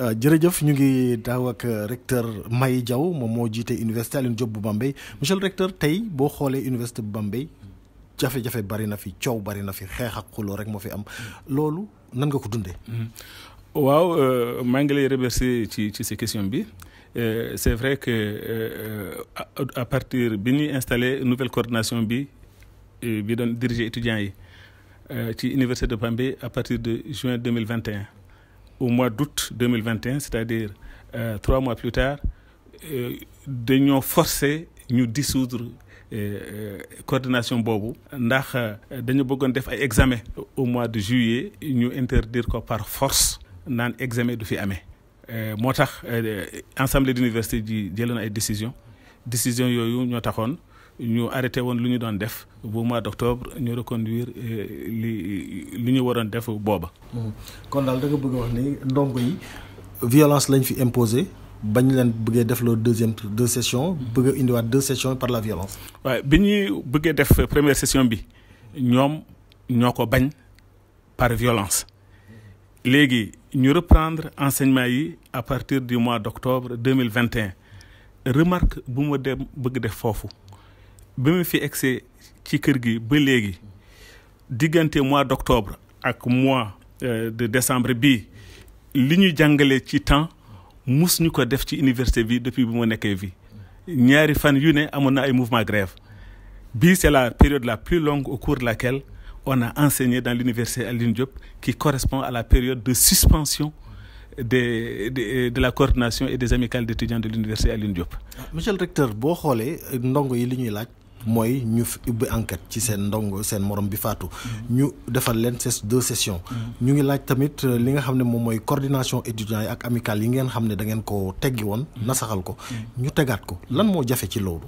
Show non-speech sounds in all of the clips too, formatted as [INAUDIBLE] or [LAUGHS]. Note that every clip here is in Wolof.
Euh, jërëjëf ñu ngi daawak euh, recteur May Diaw moom moo jiite université Alioune Diop bu Bambey monsieur recteur tey boo xoolee université bu Bambey jafe-jafe bari na fi coow bari na fi xeex ak xuloo rek moo fi am loolu nan nga ko dundee. Mm-hmm. waaw euh, maa ngi lay remercier ci ci sa question bi c'est vrai que à partir bi ñuy installé nouvelle coordination bi bi doon diriger étudiants yi ci université de Bambey à partir de juin deux mille vingt et au mois d'août 2021 c'est-à-dire euh, trois mois plus tard euh, dañoo forcé ñu dissoudre euh, euh, coordination boobu ndax dañu bëggoon def ay examen au mois de juillet ñu interdire ko par force naan examen du fi amee moo tax ensemble d'université ji jëloon ay décision décision yooyu ñoo taxoon ñu arrêté woon lu ñu doon def bu mois d' octobre ñu reconduire euh, li li ñu waroon def booba. Mhm. kon daal da bëgg wax ni ndongo yi violence lañ fi imposé bañ leen bëggee def loo deuxième deux sessions bëgg indiwaat deux sessions par la violence. waaw bi ñuy bëggee def première session bi ñoom ñoo ko bañ par violence léegi ñu reprendre enseignement yi à partir du mois d' octobre deux mille vingt et un remarque bu ma dem bëgg def foofu. bi mu fi egsee ci kër gi ba léegi diggante mois d' octobre ak mois euh, de décembre bii li ñu jàngale ci temps mus ñu ko def ci université bi depuis bi mu nekkee fii ñaari fan yu ne amoon na ay mouvement grève bii c' la période la plus longue au cours de laquelle on a enseigné dans l'université Alioune Diop qui correspond à la période de suspension des de, de la coordination et des amicales d'étudiants de l'université Alioune Diop. Ah, monsieur le recteur boo xoolee euh, ndongo yi li ñuy laaj mooy ñu ubbi enquête ci seen ndongo seen morom bi faatu. ñu defal leen ces deux sessions. ñu ngi laaj tamit euh, li nga xam ne moom mooy coordination étudiants yi ak amicale yi ngeen xam ne da ngeen ko teggi woon. nasaxal ko ñu tegaat ko lan moo jafe ci loolu.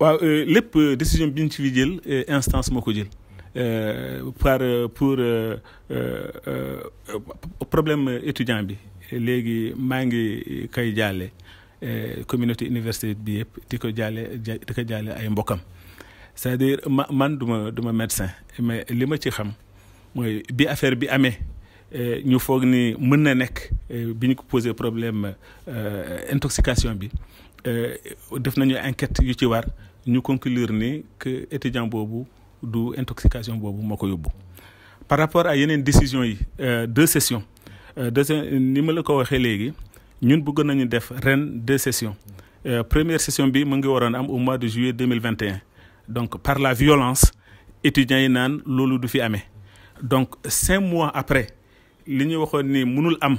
waaw euh, lépp euh, décision bi ñu ci fi jël instance moo ko jël. par pour problème étudiant bi léegi maa ngi kay jàllee. Euh, communauté université bi yëpp di ko jaale di ko jaale ay mbokkam c'est-à-dire ma man duma ma du ma médecin mais li ma ci xam mooy bi affaire bi amee euh, ñu foog ni mën na nekk euh, bi ñu ko posé problème intoxication bi def nañu enquête yu ci war ñu conclure ni que étudiant boobu du intoxication boobu moo ko yóbbu par rapport à yeneen décision yi deux sessions deux ni ma la ko waxee léegi ñun bëgg nañu def ren deux sessions euh, première session bi mu ngi waroon am au mois de juillet deux mille vingt donc par la violence étudiants yi naan loolu du fi amee donc cinq mois après li ñu waxoon ni mënul am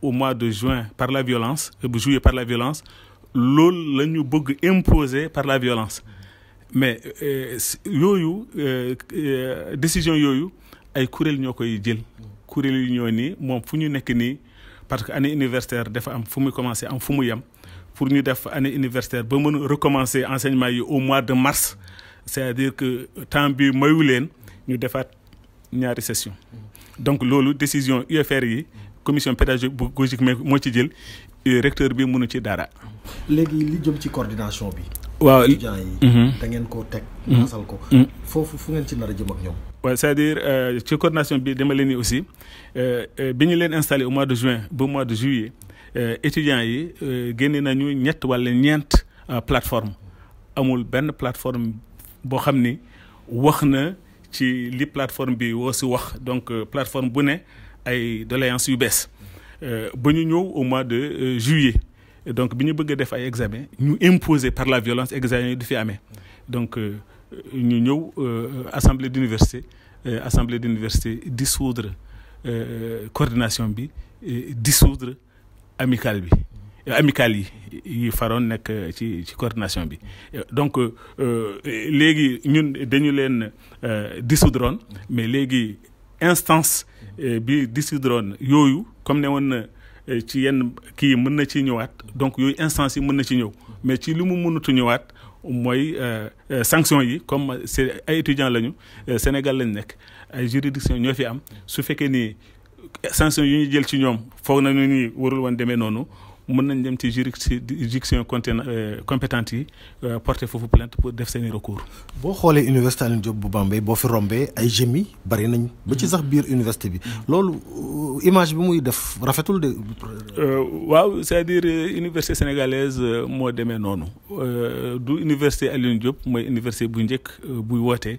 au mois de juin par la violence euh, bu par la violence loolu la ñu bëgg imposer par la violence mais euh, yooyu décision yooyu ay kuréel ñoo koy jël kuréel yu ñoo nii moom fu ñu nekk nii. parce que année universitaire dafa am fu muy commencé am fu mu yem pour ñu def année universitaire ba mën a recommencer enseignement yi au mois de mars c'est-à-dire que temps bi mayu leen ñu defaat ñaari session donc loolu décision UFR yi commission pédagogique moo ci jël recteur bi mënu ci dara. léegi li jëm ci coordination bi. waaw étudiants yi. Mhm. da ngeen mhm. ko teg. masal ko. foofu fu ngeen ci nar a jëm ak ñoom. waaw c'est-à-dire euh, ci coordination bi dama leen ni aussi euh, euh, bi ñu leen installé au mois de juin ba mois de juillet étudiants yi génne nañu ñett wala ñeent plateforme amul benn plateforme boo xam ni wax na ci li plateforme bi woo si wax donc plateforme bu ne ay doléances yu bees ba ñu ñëw au mois de juillet donc bi ñu bëgg a def ay examen ñu imposé par la violence examen yi du fi amee donc ñu ñëw euh, assemblée d'université euh, assemblée d'université dissoudre euh, coordination bi dissoudre amicale bi amicale yi yi faroon nekk ci ci coordination bi donc léegi ñun dañu leen dissoudroon mais léegi instance bi dissoudroon yooyu comme ne na ci yenn kii mën na ci ñëwaat donc yooyu instance yi mën na ci ñëw mais ci li mu ñëwaat mooy euh, euh, sanction yi comme c'est ay étudiants lañu euh, Sénégal lañ nekk ay juridiction ñoo fi am su fekkee ni sanction yi ñu jël ci ñoom foog nañu ni warul woon demee noonu mën nañ dem ci juridiction euh, compétente yi euh, porter foofu plainte pour def seeni recours. boo xoolee université Alioune job bu Bambey boo fi rombee ay gémi bari nañ. ba ci mm-hmm. sax biir université bi. loolu euh, image bi muy def rafetul de. waaw c'est-à-dire université sénégalaise moo demee noonu du université Alioune Diop mooy université bu njëkk buy wootee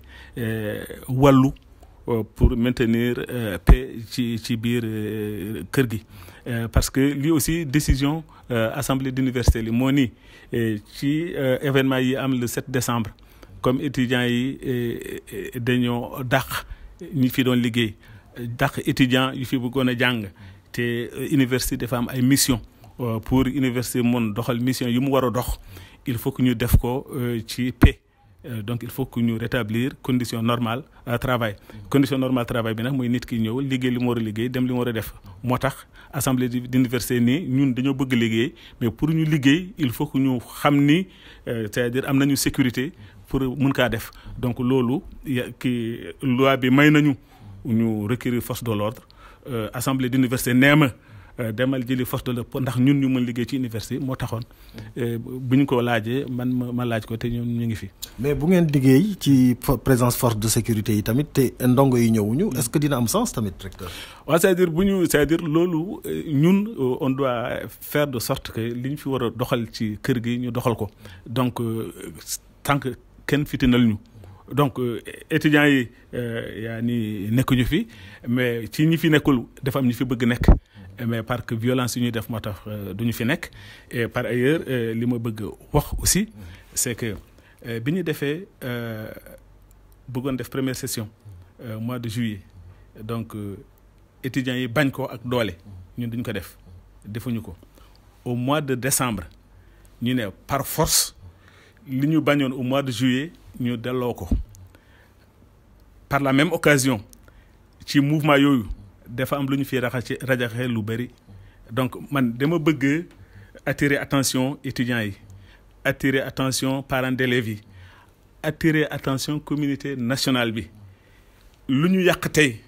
wàllu. Euh, pour maintenir euh, paix ci ci biir euh, kër gi parce que lii aussi décision assemblée d'université li moo nii ci événement yi am le 7 décembre comme étudiants yi dañoo dàq ñu fi doon liggéey dàq étudiants yi fi bëggoon a jàng te université dafa am ay mission pour université mun doxal mission yi mu war a dox il faut que ñu def ko ci paix Euh, donc il faut que ñu rétablir condition normale euh, travail condition normale travail bi nag mooy nit ki ñëw liggéey li mu war a dem li mu war a def moo tax assemblée d'université nii ñun dañoo bëgg liggéey mais pour ñu liggéey il faut que ñu xam ni euh, c'est-à-dire am nañu sécurité pour mun kaa def donc loolu ki loi bi may nañu ñu requérir force de l'ordre assemblée d'université neema Euh, demal jëli force de l' ndax ñun ñu mën liggéey ci université moo taxoon euh, bu ñu ko laajee man ma ma laaj ko te ñoom ñu ngi fi. mais bu ngeen liggéey ci présence force de sécurité yi tamit te ndongo yi ñëwuñu est ce que dina am sens tamit recteur. waaw c' est bu ñu c' loolu euh, ñun on doit faire de que li fi war a doxal ci kër gi ñu doxal ko donc tant que kenn fitinal ñu. donc étudiants yi yaa ni nekkuñu fi mais ci ñi fi nekkul dafa am ñu fi bëgg nekk. Eh, mais parce que violence yi ñuy def moo tax euh, duñu fi nekk et par ailleurs euh, li ma bëgg wax aussi c'est que euh, bi ñu defee bëggoon def première session mois de juillet donc étudiants yi bañ ko ak doole ñun duñ ko def defuñu ko au mois de décembre ñu ne par force li ñu bañoon au mois de juillet ñu delloo ko par la même occasion ci mouvement yooyu dafa am lu ñu fi raxace rajaxe lu bëri donc man dama bëgg attirer attention étudiants yi attirer attention parents d'élèves yi attirer attention communauté nationale bi lu ñu yàq tey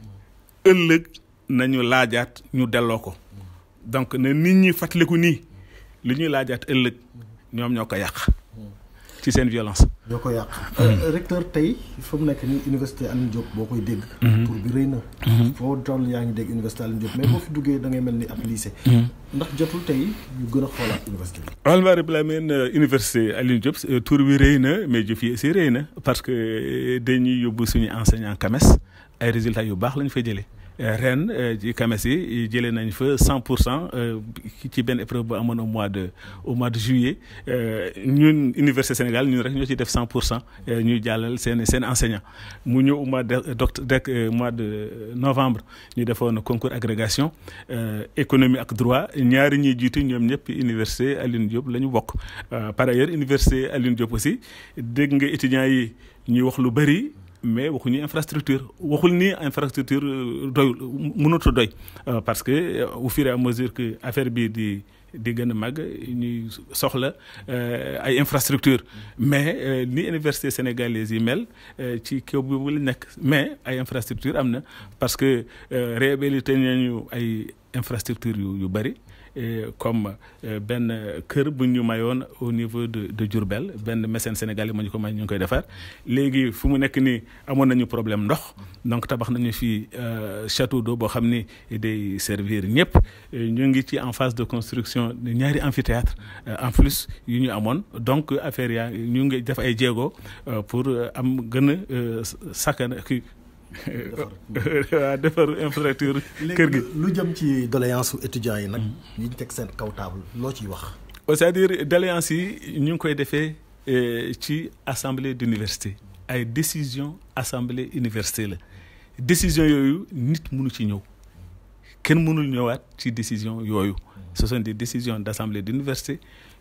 ëllëg nañu laajaat ñu delloo ko donc ne nit ñi fàttaliku nii lu ñuy laajaat ëllëg ñoom ñoo ko yàq ci seen violence. ñoo ko yàq. Mm. Euh, recteur tey fa mu nekk nii université Alioune boo koy dégg. Mm-hmm. tur bi rëy na. Mm-hmm. foo toll yaa ngi dégg université Alioune Diop. mais boo duggee da ngay mel ni ab lycée. Mm-hmm. ndax jotul tey ñu gën a xoolaat université bi. alhamdulilah euh, euh, bi rëy na mais jëf yi si rëy na parce que dañuy yóbbu suñu enseignant CAMES ay résultats yu baax lañ fay jëlee. Euh, ren ci euh, kames yi euh, jëlee nañ fa cent pour cent ci benn épreuve bu amoon au mois de au mois de juillet ñun Université Sénégal ñun rek ñoo ciy def cent pour cent ñuy jàllal seen seen enseignant mu ñëw au mois de doct rek mois de novembre ñu defoon concours agrégation économie ak droit ñaari ñuy jiitu ñoom ñëpp Université Alioune Diop la ñu bokk par ailleurs Université Alioune Diop aussi dégg nga étudiants yi ñuy wax lu bëri mais waxuñu infrastructure waxul ni infrastructure euh, doyul mënut doy euh, parce que euh, au fur mesure que affaire bii di di gën a màgg ñuy soxla ay infrastructure mais ni université sénégalaise yi mel ci kaw bi bu la nekk mais ay infrastructure am na parce que réhabilité nañu ay infrastructure yu yu bëri comme euh, benn kër bu ñu mayoon au niveau de de Diourbel benn mécène sénégalais ma ñu ko may ñu ngi koy defar léegi fu mu nekk nii amoon nañu problème ndox donc tabax nañu fii euh, château de boo xam ni day servir ñëpp ñu ngi ci en phase de construction ñaari amphithéâtre euh, en plus yu ñu amoon donc affaire yaa ñu ngi def ay jéego pour am gën a sakkan waaw [LAUGHS] defar infrastructure kër gi lu jëm ci doléance étudians yi nag yi hmm. ñu teg seen kaw table loo ciy wax c'est-à-dire doléance yi ñu ngi koy defee eh, ci assemblée d'université ay décision assemblée université la décision yooyu nit munu ci ñëw kenn mënul ñëwaat ci décision yooyu ce sont des décisions d'assemblée d'université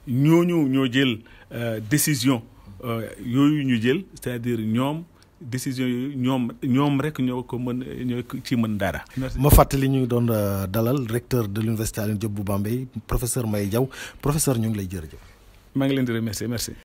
ñooñu ñoo jël euh, décision euh, yooyu ñu jël cest dire ñoom décision yi ñoom ñoom rek ñoo ko mën ñoo ci mën dara. ma fàttali ñuy doon euh, dalal recteur de l'université Alioune Diop bu Bambey professeur Mbaye jaw professeur ñu ngi lay jërëjëf. maa ngi leen di remercier